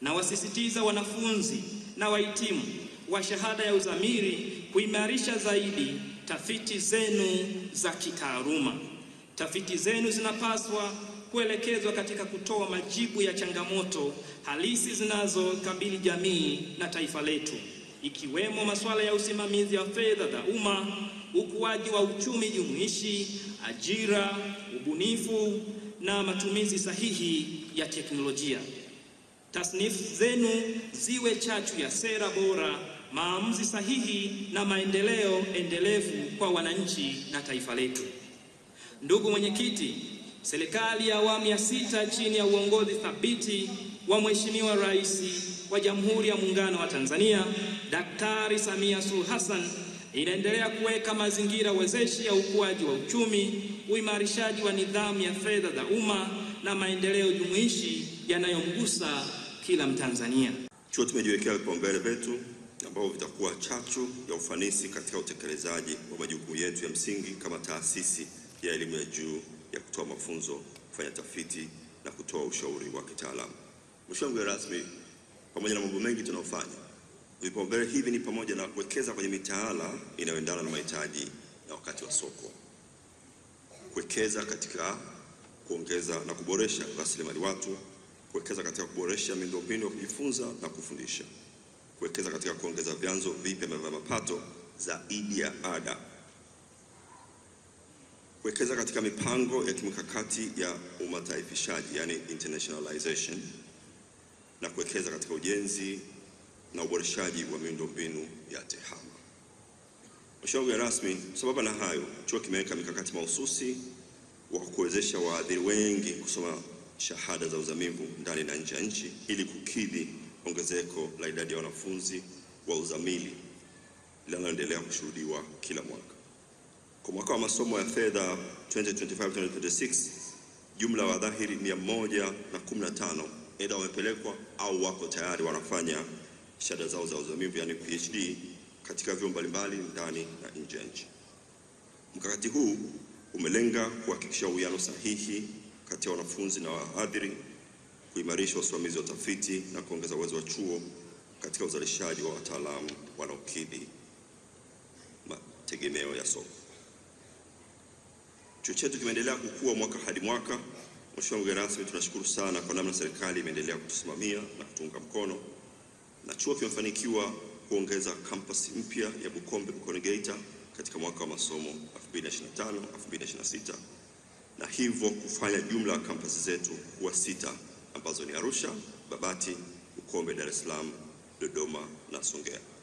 na wasisitiza wanafunzi na wahitimu wa shahada ya uzamili kuimarisha zaidi tafiti zenu za kitaaluma. Tafiti zenu zinapaswa kuelekezwa katika kutoa majibu ya changamoto halisi zinazokabili jamii na taifa letu, ikiwemo masuala ya usimamizi wa fedha za umma, ukuaji wa uchumi jumuishi, ajira, ubunifu na matumizi sahihi ya teknolojia. Tasnifu zenu ziwe chachu ya sera bora, maamuzi sahihi na maendeleo endelevu kwa wananchi na taifa letu. Ndugu mwenyekiti, serikali ya awamu ya sita chini ya uongozi thabiti wa Mheshimiwa Rais wa Jamhuri ya Muungano wa Tanzania Daktari Samia Suluhu Hassan inaendelea kuweka mazingira wezeshi ya ukuaji wa uchumi, uimarishaji wa nidhamu ya fedha za umma na maendeleo jumuishi yanayomgusa kila Mtanzania. Chuo tumejiwekea vipaumbele vyetu ambavyo vitakuwa chachu ya ufanisi katika utekelezaji wa majukumu yetu ya msingi kama taasisi ya elimu ya juu ya kutoa mafunzo, kufanya tafiti na kutoa ushauri wa kitaalamu. Mheshimiwa mgeni rasmi, pamoja na mambo mengi tunayofanya, vipaumbele hivi ni pamoja na kuwekeza kwenye mitaala inayoendana na mahitaji ya wakati wa soko, kuwekeza katika kuongeza na kuboresha rasilimali watu kuwekeza katika kuboresha miundombinu ya kujifunza na kufundisha, kuwekeza katika kuongeza vyanzo vipya vya mapato zaidi ya ada, kuwekeza katika mipango ya kimkakati ya umataifishaji yani internationalization, na kuwekeza katika ujenzi na uboreshaji wa miundombinu ya tehama. Mheshimiwa mgeni rasmi, sababu na hayo, chuo kimeweka mikakati mahususi wa kuwezesha waadhiri wengi kusoma shahada za uzamivu ndani na nje ya nchi ili kukidhi ongezeko la idadi ya wanafunzi wa uzamili linaloendelea kushuhudiwa kila mwaka. Kwa mwaka wa masomo ya fedha 2025-2026 jumla wa dhahiri 115 moja na tano aidha wamepelekwa au wako tayari wanafanya shahada zao za uzamivu yani PhD katika vyuo mbalimbali ndani na nje ya nchi. Mkakati huu umelenga kuhakikisha uwiano sahihi kati ya wanafunzi na wahadhiri, kuimarisha usimamizi wa tafiti na kuongeza uwezo wa chuo katika uzalishaji wa wataalamu wanaokidhi mategemeo ya soko. Chuo chetu kimeendelea kukua mwaka hadi mwaka. Mheshimiwa mgeni rasmi, tunashukuru sana kwa namna serikali imeendelea kutusimamia na kutuunga mkono, na chuo kimefanikiwa kuongeza kampasi mpya ya Bukombe mkoani Geita katika mwaka wa masomo 2025 2026 na hivyo kufanya jumla ya kampasi zetu kuwa sita ambazo ni Arusha, Babati, ukombe Dar es Salaam, Dodoma na Songea.